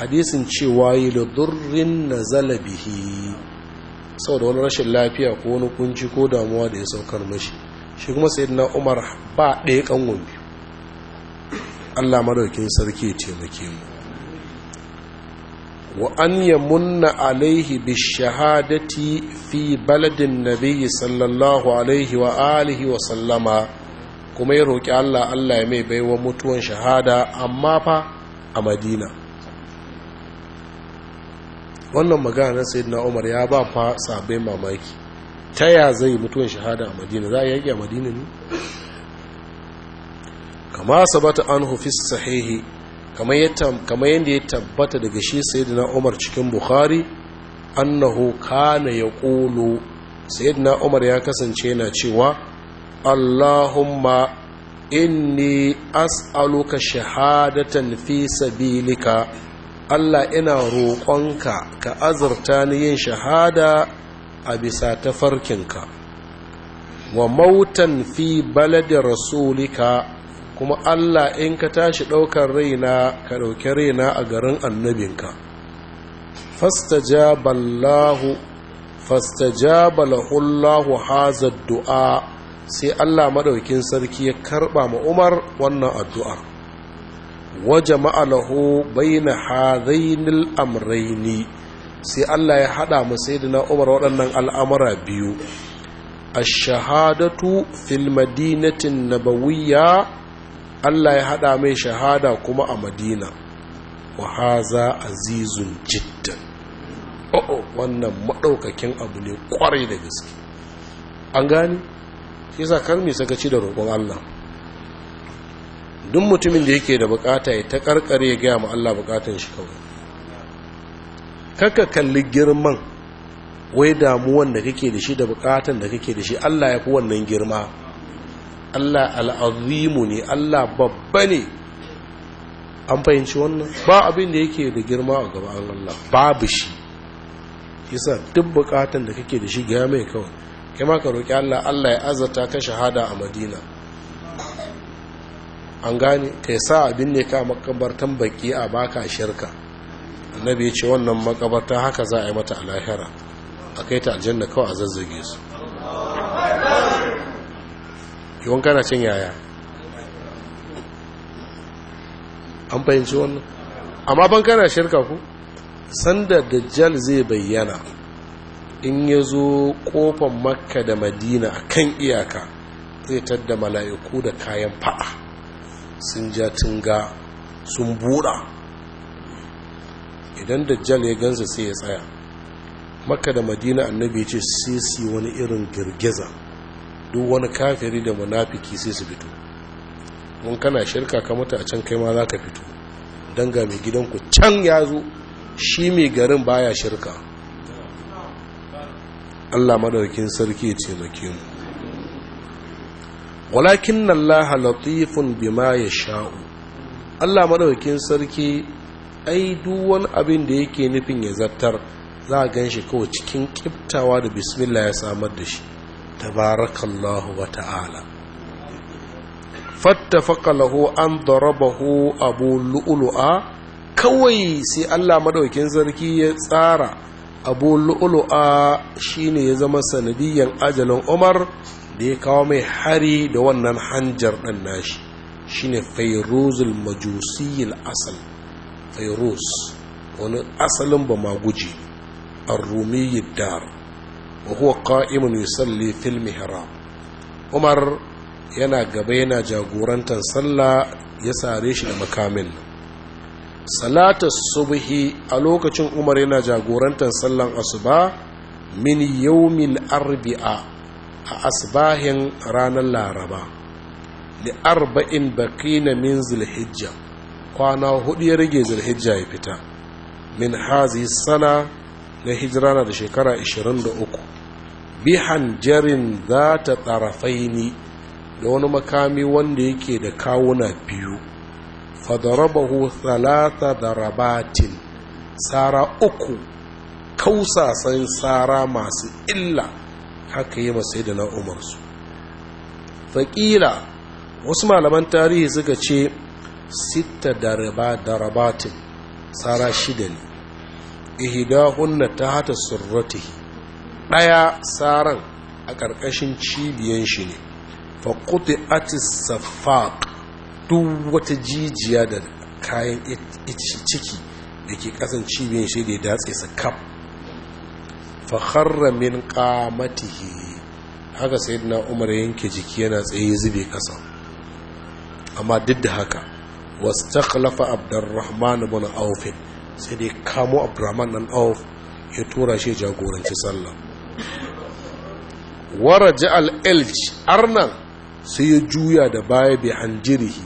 hadisin cewa yi ludurrin na zalabihi saboda wani rashin lafiya ko wani kunci ko damuwa da ya saukar mashi shi kuma sai na umar ba ɗaya ƙangon Allah madaukin sarki ya taimake mu wa an yamunna alaihi bishahadati fi baladin nabiyyi sallallahu alaihi wa alihi wa sallama kuma ya roƙi Allah Allah ya mai baiwa mutuwan shahada amma fa a Madina wannan magana na Umar ya ba fa sabai mamaki ta ya zai mutuwan shahada a Madina za a yaki a Madina ne kama sabata an fi sahihi kamar yadda ya tabbata daga shi na umar cikin bukhari annahu kana ya ƙulu na umar ya kasance yana cewa allahumma inni as'aluka shahadatan fi sabilika allah ina roƙonka ka azurta ni yin shahada a bisa tafarkinka wa mautan fi da rasulika kuma Allah in ka tashi ɗaukar raina ka ɗauki raina a garin annabinka fastajaballahu fastajabalahullahu hazar du'a sai Allah maɗaukin sarki ya karɓa ma Umar wannan addu'ar jama'a lahu bai na hadainil amraini sai Allah ya haɗa na Umar waɗannan al'amura biyu الشهادة في المدينة النبوية Allah ya haɗa mai shahada kuma a madina wa haza azizun jiddan o'o wannan maɗaukakin abu ne kwarai da gaske an gani shi sa saka sakaci da roƙon Allah duk mutumin da yake da bukata ya ta ƙarƙare ya gaya ma Allah bukatan shi kawai kakka kalli girman wai damuwan da kake da shi da bukatan da kake da shi Allah ya fi wannan girma Allah al'azimu ne Allah babba ne an fahimci wannan ba abin da yake da girma a gaban Allah babu shi isa duk bukatan da kake da shi ga mai kawai kai maka ka roki Allah Allah ya azata ka shahada a Madina an gane kai sa abin ne ka makabartan baki a baka shirka annabi ya ce wannan makabarta haka za a yi mata alahira a kai ta aljanna kawai a zazzage su yawan kana cin yaya an fahimci wannan amma ban kana shirka ku sanda dajjal zai bayyana in ya zo kofan makka da madina a kan iyaka zai tadda mala'iku da kayan fa'a sun ja tunga sun buɗa idan da jal ya gansa sai ya tsaya makka da madina annabi ce sai su wani irin girgiza duk wani kafiri da munafiki sai su fito mun kana shirka ka mutu a can kai ma za ka fito don ga mai gidanku can ya zo shi mai garin baya shirka allah madaukin sarki ya ce maki walakin nan laha latifun bima ya sha'u allah madaukin sarki ai duk duwan abin da yake nufin ya zartar za a gan shi kawai cikin kiftawa da bismillah ya samar da shi tabarakallahu wa ta'ala fattafaka lahu an darabahu abu lu'ulu'a kawai sai Allah maɗaukin sarki ya tsara abu lu'ulu'a shine ya zama sanadiyyan ajalin Umar da ya kawo mai hari da wannan hanjar ɗan nashi shine fairuzul majusiyil asal fairuz wani asalin ba maguji ar-rumiyyid dar وهو قائم يصلي في fil عمر umar yana gaba yana jagorantar sallah ya sare shi da makamin salatar subhi a lokacin umar yana jagorantar sallan asuba min yawmil arbi'a a asbahin ranar laraba li arba'in bakina min zulhijja kwana hudu ya rage zulhijja ya fita min hazi sana na hijira na da shekara 23 bihan jarin za ta ni da wani makami wanda yake da kawuna biyu fadarabahu da rabatin tsara uku kausasan tsara masu illa haka yi masai da na'umarsu faƙila wasu malaman tarihi suka ce sita darabatin tsara shida ne na ta hata surratihi ɗaya saran a ƙarƙashin cibiyan shi ne faƙuti atis duk wata jijiya da kayan ciki da ke ƙasan cibiyan shi da ya datse su kaf faharra min ƙamatihi haka sai na umar yanke jiki yana tsaye zube ƙasa amma duk da haka wasu takalafa abdurrahman bin aufin sai dai kamo abdurrahman ɗan auf ya tura shi jagoranci sallah waraji elj arna sai ya juya da baya bi jirihi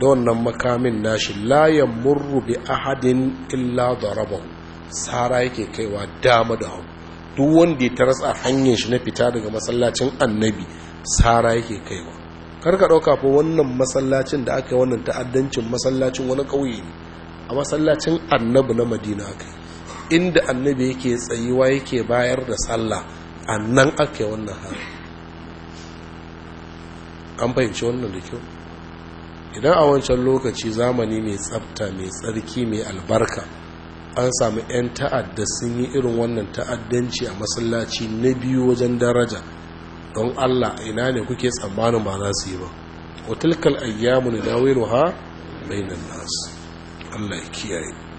da wannan makamin nashi layan murru bi ahadin illa da rabon tsara yake kaiwa dama da hau duk wanda ya tarasa hanyar shi na fita daga masallacin annabi tsara yake kaiwa karka ɗauka fa wannan masallacin da aka yi wannan ta'addancin masallacin wani ƙauye ne a masallacin annabi na madina aka yi inda annabi yake tsayuwa yake bayar da sallah a nan ake wannan hari an fahimci wannan da kyau idan a wancan lokaci zamani mai tsafta, mai tsarki mai albarka an samu 'yan ta'adda sun yi irin wannan ta'addanci a masallaci na biyu wajen daraja don allah ina ne kuke tsammanin ba za su yi ba watilkal ayyamu na dawiru ha bainan nasu allah ya kiyaye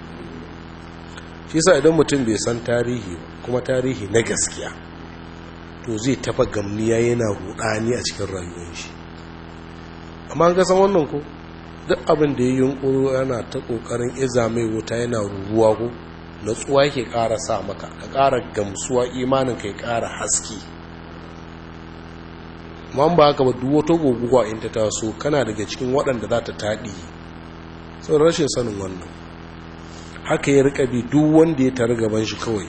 yasa idan mutum bai san tarihi kuma tarihi na gaskiya to zai tafa gamniya yana rudani a cikin rayuwar shi amma ga san wannan ko duk abin da ya yunkuru yana ta kokarin iza mai wuta yana ruruwa ko natsuwa yake ƙara sa maka ka ƙara gamsuwa imanin kai kara ƙara haske man ba haka ba duk wata goguwa in ta taso kana daga cikin waɗanda za ta taɗi sau rashin sanin wannan haka ya rika bi duk wanda ya tare gaban shi kawai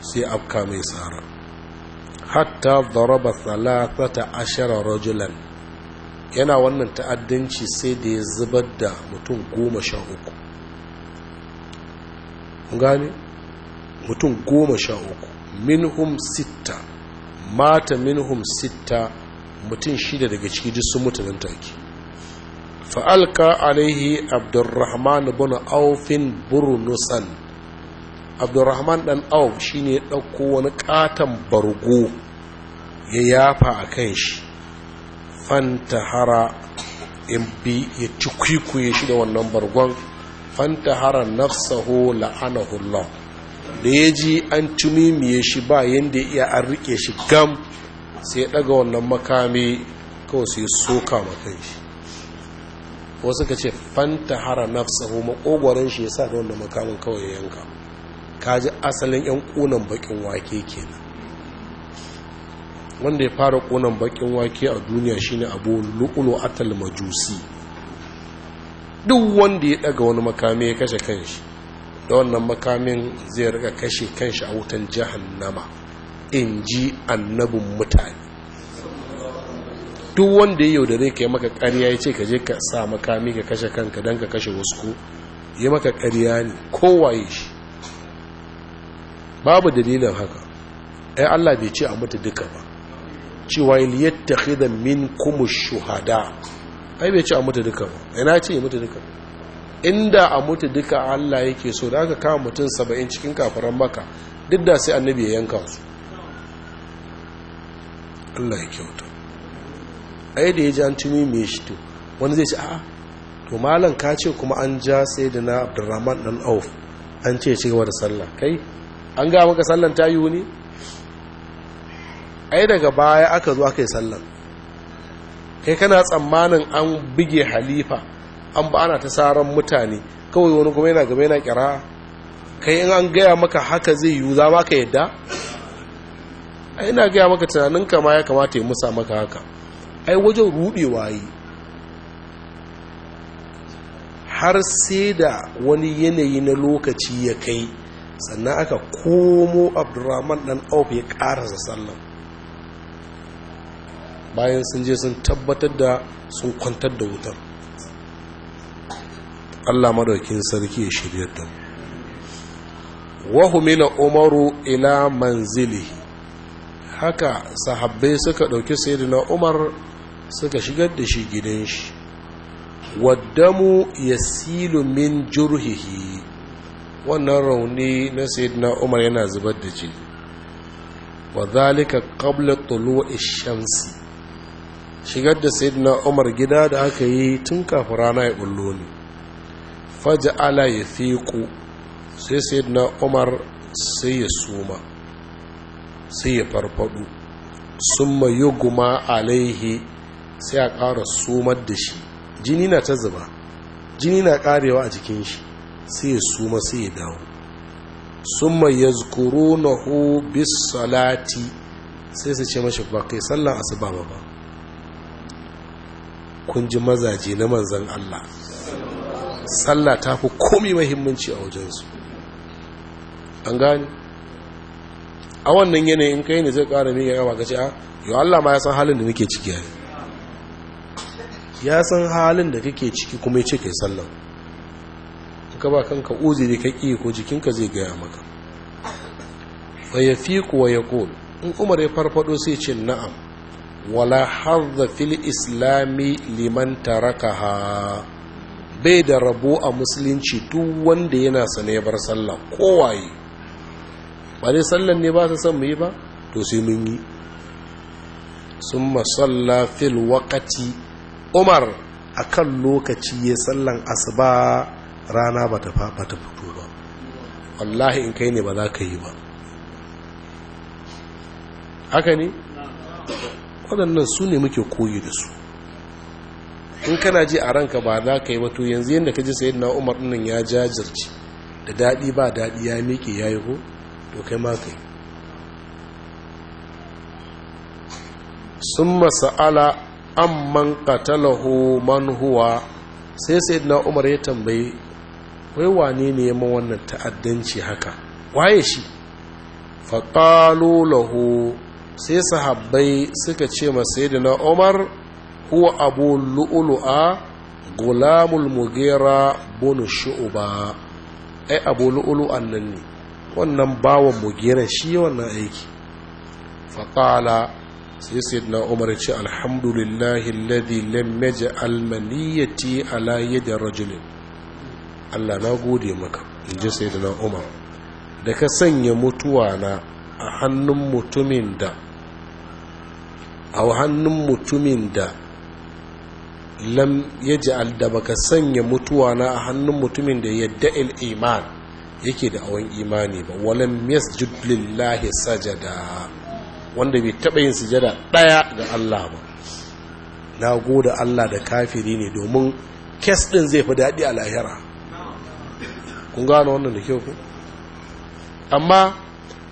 sai afka mai tsara hatta daraba thalathata ashara rajulan yana wannan ta'addanci sai da ya zubar da mutum goma sha uku gane mutum goma sha uku minhum sitta mata minhum sitta mutum shida daga ciki duk sun mutu nan take fa'alka alaihi abdurrahman bin aufin burnusan abdurrahman dan auf shine ɗauko wani ƙaton bargo ya yafa a kan shi fantahara in bi ya ci kwikwiye shi da wannan bargon nafsaho la'ana la'anahullah da ya ji an tumimiye shi ba yadda ya iya an riƙe shi gam sai ya ɗaga wannan makami kawai sai soka makan shi wasu ka ce fanta hara nafsahu makogwaron shi yasa da wanda makamin kawai yanka kaji asalin yan kunan bakin wake kenan wanda ya fara kunan bakin wake a duniya shine abu lu'ulu atal majusi duk wanda ya daga wani makami ya kashe kanshi da wannan makamin zai rika kashe kanshi a wutan jahannama in ji annabin mutane duk wanda ya yaudare ka yi maka ƙarya ya ce ka je ka sa makami ka kashe kanka don ka kashe wasu ko ya maka ƙarya ne kowaye shi babu dalilin haka ai Allah bai ce a mutu duka ba cewa hida min kuma shuhada ai bai ce a mutu duka ba ina ce mutu duka inda a mutu duka Allah yake so da aka kama mutum saba'in cikin kafaran maka duk da sai annabi ya yanka su Allah ya kyauta ai da ya ji an tuni mai shi to wani zai ce a to malam ka ce kuma an ja sai da na abdurrahman dan auf an ce ci gaba da sallah kai an ga maka sallan ta yi wuni ai daga baya aka zo aka yi sallan kai kana tsammanin an bige halifa an ba ana ta saran mutane kawai wani kuma yana gaba yana kira kai in an gaya maka haka zai yiwu za ma ka yadda na gaya maka tunanin ma ya kamata ya musa maka haka ai wajen rudewa yi har sai da wani yanayi na lokaci ya kai sannan aka komo abdurrahman dan auf ya karasa sallan bayan sun je sun tabbatar da sun kwantar da wutar allah madaukin sarki ya shirya ta wahumila umaru ila manzili haka sahabbai suka ɗauki sayyidina umar suka shigar da shi gidan shi waddamu ya silu min jurhihi wannan rauni na sayyidina umar yana zubar da jini wa zalika qabla tulu'i shamsi shigar da sayyidina umar gida da aka yi tun kafin rana ya bullo ne faja'ala ya fiku sai sayyidina umar sai ya suma sai ya Sun summa guma alaihi sai a ƙara sumar da shi jini na ta zuba jini na ƙarewa a jikin shi sai ya suma sai ya dawo summa na bis salati sai su ce mashi ba kai sallan asuba ba ba kun ji mazaje na manzan Allah sallah ta fi komai mahimmanci a wajensu an gani a wannan yanayin kai ne zai ƙara miƙa yawa ga ce a ah, yau Allah ma ya san halin da nake ciki ne ya san halin da kake ciki kuma ya ce kai sallan ka ba kanka uziri da ƙi ko jikinka zai gaya maka fi kuwa ya kol in umar ya farfado sai ce na'am wala harza fil islami liman tarakaha bai da rabo a musulunci duk wanda yana sane bar sallah kowaye ba dai sallan ne ba su san mu yi ba to sai mun yi sun masalla fil wakati umar a kan lokaci ya sallan asuba rana ba ta fito ba wallahi in kai ne ba za ka yi ba haka ne waɗannan su ne muke koyi da su in kana ji a ranka ba za ka yi wato yanzu yadda ka ji sayi na umar nan ya jajirci da daɗi ba daɗi ya miƙe ya yi ko to kai ma kai sun masa'ala amman katalahu man huwa sai sayyidina umar ya tambaye wai wane ne ya wannan ta'addanci haka waye shi faqalu lahu sai sahabbai suka ce ma na umar huwa abu lu'ulu'a gulamul mugira bunu shu'uba ai abu lu'ulu'an nan ne wannan bawan mugera shi wannan aiki faƙala sai sayyidina umar ya ce alhamdulillahi alladhi lam yaj'al maniyati ala yadi rajulin Allah na gode maka in ji sayyidina umar da ka sanya mutuwa na a hannun mutumin da a hannun mutumin da lam yaj'al da baka sanya mutuwa na a hannun mutumin da yadda iman yake da awon imani ba walam yasjud lillahi sajada wanda bai taɓa yin sujada ɗaya ga Allah ba na gode Allah da kafiri ne domin kes ɗin zai fi daɗi a lahira kun gano wannan da kyau ku amma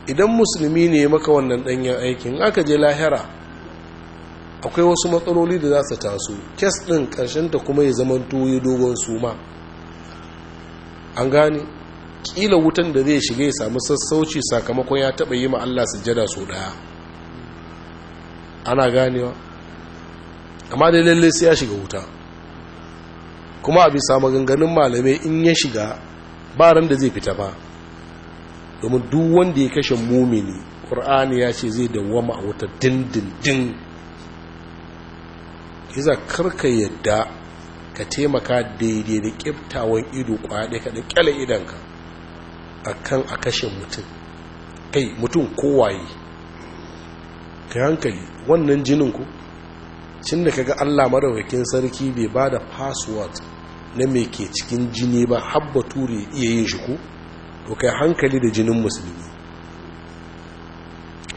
idan musulmi ne maka wannan ɗanyen aikin aka je lahira akwai wasu matsaloli da za su taso kes ɗin ƙarshenta kuma ya zama tuyi dogon suma an gane ƙila wutan da zai shiga ya samu sassauci sakamakon ya taɓa yi ma Allah sujada sau ɗaya ana ganewa amma dai lalle sai ya shiga wuta kuma a samu ganganin malamai in ya shiga ba ran da zai fita ba domin duk wanda ya kashe mumini ƙur'ani ya ce zai dawwama a wuta dindindin iza karka yadda ka taimaka daidai da ƙiftawan ido kwaɗe ka da ƙyale idanka a kan a kashe mutum kai mutum kowaye ka hankali wannan jinin ku cin da kaga Allah marawakin sarki bai ba da password na mai ke cikin jini ba habba ture iya yin shi ku to kai hankali da jinin musulmi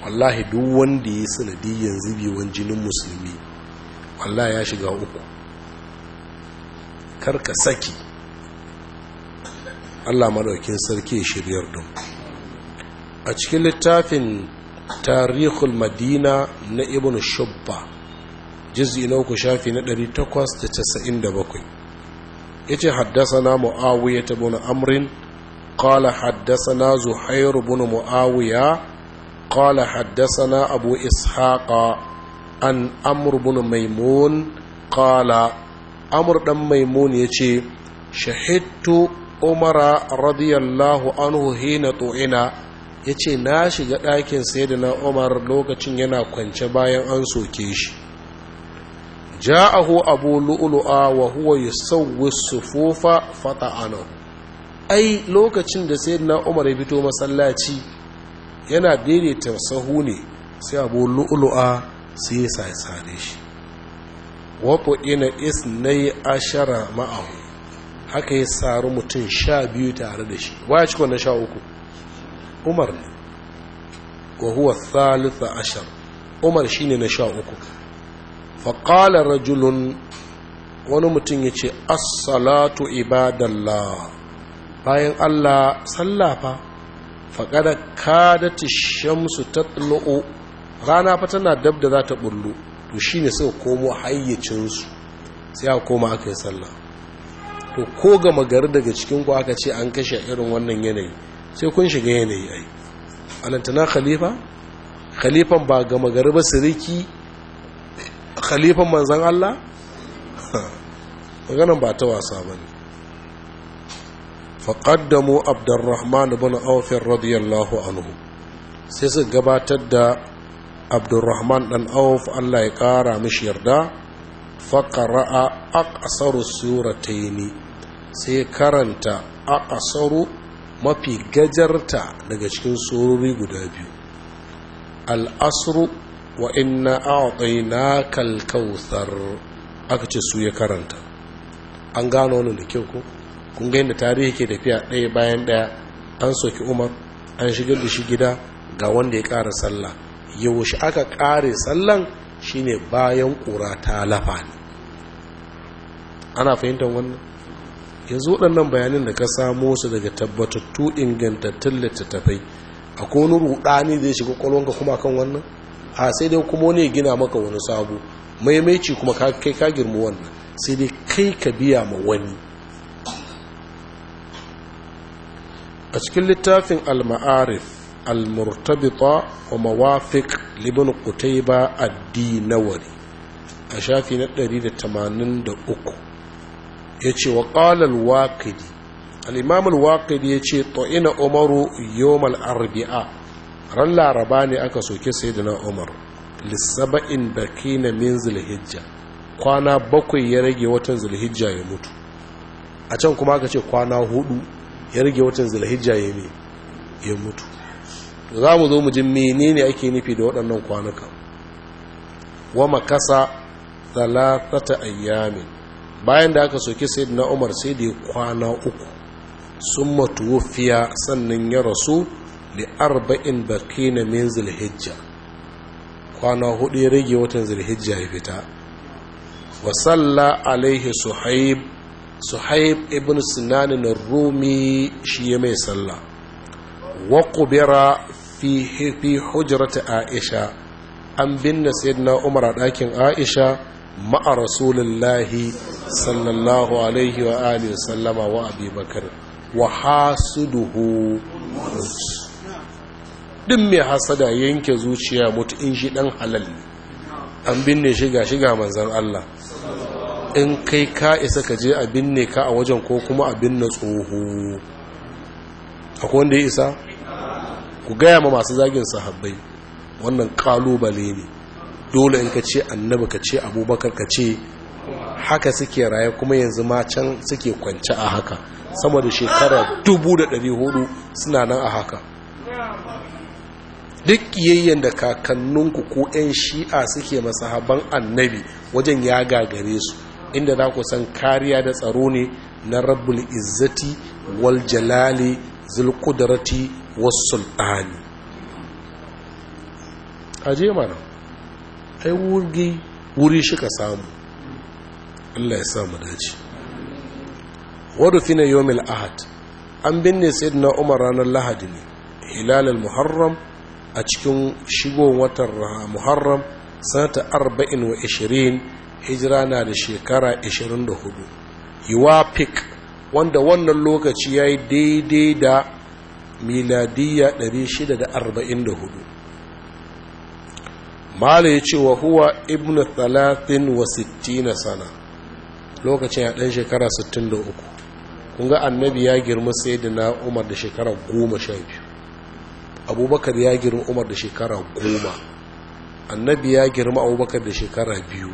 wallahi duk wanda ya sanadiyyar zubewan jinin musulmi wallahi ya shiga uku karka saki Allah maraukin sarki shiryar don a cikin littafin tarihul madina na ibn shubba jiz'i na uku shafi na 897 yace haddasana muawiya ibn amrin qala haddasana zuhairu ibn muawiya qala haddasana abu ishaqa an amur ibn maimun ƙala. Amur ɗan maimun yace shahidtu umara radiyallahu anhu hina tu'ina ya ce na shiga ɗakin da na umar lokacin yana kwance bayan an soke shi Ja ja'ahu abu lu'ulu'a wa huwa yusawwi sufufa ana ai lokacin da da na umar ya fito masallaci yana daidaita sahu ne sai abu lu'ulu'a sai ya sa sare shi is na yi ashara ma'ahu haka ya sari mutum sha biyu tare da shi waya cikin wannan sha uku umar ne wa huwa thalitha ashar umar shi ne na sha uku faƙala rajulun wani mutum ya ce assalatu ibadallah bayan allah sallafa faƙada ta shamsu ta tsulo'o rana fa tana dab da za ta ɓullo to shi ne suka komo hayyacinsu sai a koma aka yi sallah to ko gama gari daga cikin ku aka ce an kashe irin wannan yanayi sai kun shiga yanayi ai alantana khalifa khalifan ba gama gari ba siriki khalifan manzan Allah maganan ba ta wasa ba ne faƙaddamu abdurrahman ibn aufin radiyallahu anhu sai su gabatar da abdurrahman dan auf Allah ya ƙara mishi yarda faƙara'a aƙasaru surataini sai karanta aƙasaru mafi gajarta daga cikin sorori guda biyu al'asru wa inna na kalkausar aka ce su ya karanta an gano wani da kyau ko kunga ga yadda tarihi ke tafiya ɗaya bayan ɗaya an soki umar an shigar da shi gida ga wanda ya ƙara sallah yaushe aka ƙare sallan shine bayan ƙura ta lafa ana fahimtar wannan yanzu waɗannan bayanin da ka samo su daga tabbatattu ingantattun littattafai a wani rudani zai shiga ka kuma kan wannan a sai dai kuma wani gina maka wani sabu maimaici kuma kai ka girma wannan sai dai kai ka biya ma wani a cikin littafin al-ma'arif al-murtabita wa mawafiq libin kutaiba addinawari a shafi na 183 ya ce wa ƙalal waƙidi al'imamul waƙidi ya ce ta'ina umaru yomal arbi'a ran laraba ne aka soke sai da na umaru lissaba'in ke na min zulhijja kwana bakwai ya rage watan zulhijja ya mutu a can kuma aka ce kwana hudu ya rage watan zulhijja ya ya mutu za mu zo mu ji menene ake nufi da waɗannan kwanuka wa makasa talatata ayyamin bayan da aka soke sai na umar sai da ya kwana uku sun matuwafiya sannan ya rasu da arba'in baki na min zulhijja kwana hudu ya rage watan zulhijja ya fita wasalla alaihi suhaib suhaib ibn na rumi shi ya mai sallah wa kubera fi hujjarta aisha an binne sayyidina umar a ɗakin aisha ma'a rasulullahi sallallahu alaihi wa alihi wa sallama wa abi bakar wa hasuduhu din mai hasada yanke zuciya mutu in shi dan halal an binne shiga shiga manzan Allah in kai ka isa ka je a binne ka a wajen ko kuma a binne tsoho akwai wanda ya isa ku gaya ma masu zagin sahabbai wannan kalubale ne dole in ka ce annabi ka ce abubakar ka ce haka suke raye kuma yanzu ma can suke kwanci a haka sama da shekara 1400 suna nan a haka duk yayyen da kakanninku ko 'yan shi'a suke masahaban annabi wajen ya gagare su inda za ku san kariya da tsaro ne na rabbul izzati wal jalali zulkudarati was sultani aje mana ai wurgi wuri shi ka samu Allah ya samu dace wadu fi na yomil ahad an binne na umar ranar lahadi ne hilalal muharram a cikin shigon watan muharram sanata arba'in wa ishirin hijira na da shekara ishirin da hudu yiwafik wanda wannan lokaci ya yi daidai da miladiyya 644 bala ya ce wa huwa ibn talatin wa sittina sana lokacin ya ɗan shekara 63 kun ga annabi ya girma sai da na umar da shekara goma sha biyu abubakar ya girma umar da shekara goma annabi ya girma abubakar da shekara biyu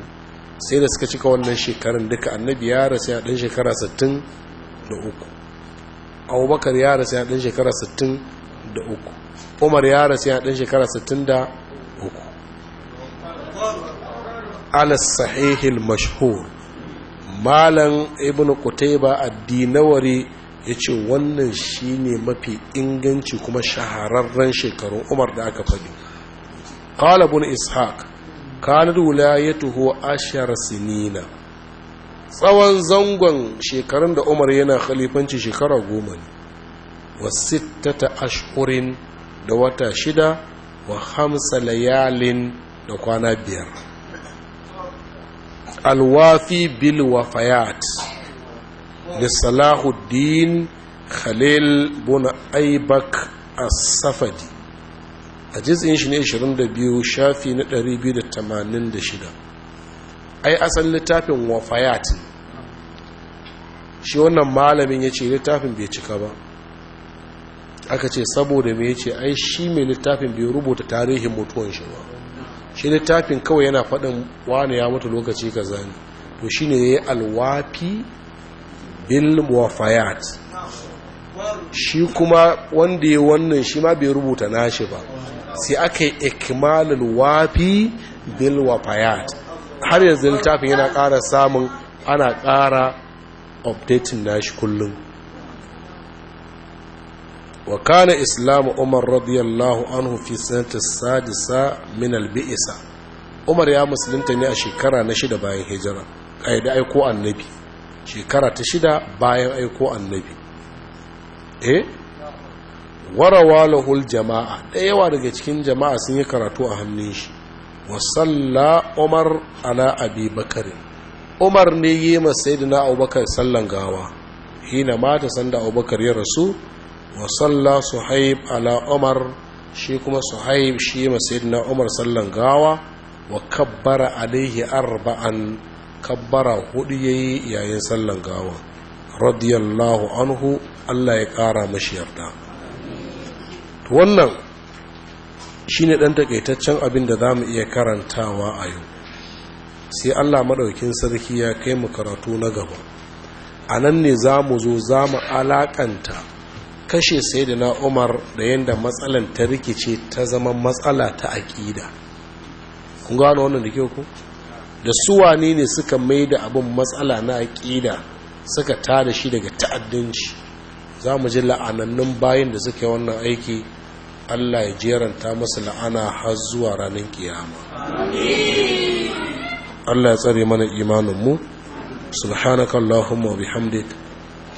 sai da suka cika wannan shekarun duka annabi ya rasu ya ɗan shekara 63 abubakar ya rasu ya ɗan shekara 63 umar ya rasu ya ɗan shekara 63 alas sahihil mashhur malam ibn kutaiba addinawari ya ce wannan shine mafi inganci kuma shahararren shekarun umar da aka faɗi ƙalabun ishaq kanar tuho ashar sinina tsawon zangon shekarun da umar yana khalifanci shekara goma ne wa ashurin da wata shida wa hamsa layalin da kwana biyar alwafi bil wafayat da salahuddin khalil aibak as-safadi a jizin shi ne 22 shafi na 286 ai asan littafin wafayat shi wannan malamin ya ce littafin bai cika ba aka ce saboda mai ce ai shi mai littafin bai rubuta tarihin mutuwan shi ba shi littafin kawai yana faɗin wani ya mutu lokaci kaza zane to shine yi alwafi bil wafayat shi kuma wanda ya wannan shi ma bai rubuta nashi ba sai aka yi ikimalin wafi bil wafayat har yanzu littafin yana ƙara samun ana ƙara updating nashi kullum wa kana umar radiyallahu anhu fi sanata sadisa min albi'isa umar ya musulunta ne a shekara na shida bayan hijira da aiko annabi shekara ta shida bayan aiko annabi eh warawa lahul jama'a da yawa daga cikin jama'a sun yi karatu a hannun shi wasalla umar ala abi bakarin umar ne yi masai da na abubakar sallan gawa hina mata sanda abubakar ya rasu wasalla suhaib ala umar shi kuma suhaib shi na umar sallan gawa wa kabbara alaihi arba'an kabbara hudu ya yi yayin sallan gawa radiyallahu anhu Allah ya kara mashi yarda wannan shi ne ɗan takaitaccen abin da za mu iya karantawa a yau sai Allah maɗaukin sarki ya kai mu karatu na gaba A nan ne za mu zo za mu alaƙanta. kashe sayyidina umar da yadda matsalan ta rikice ta zama matsala ta aƙida kun gano wannan da ku da suwane ne suka mai da abin matsala na aƙida suka tada shi daga ta'addanci za mu ji la'anannun bayan da suka yi wannan aiki allah ya jeranta masu la'ana har zuwa ranar kiyama allah ya tsare mana imaninmu subhanakallahumma wa bihamdika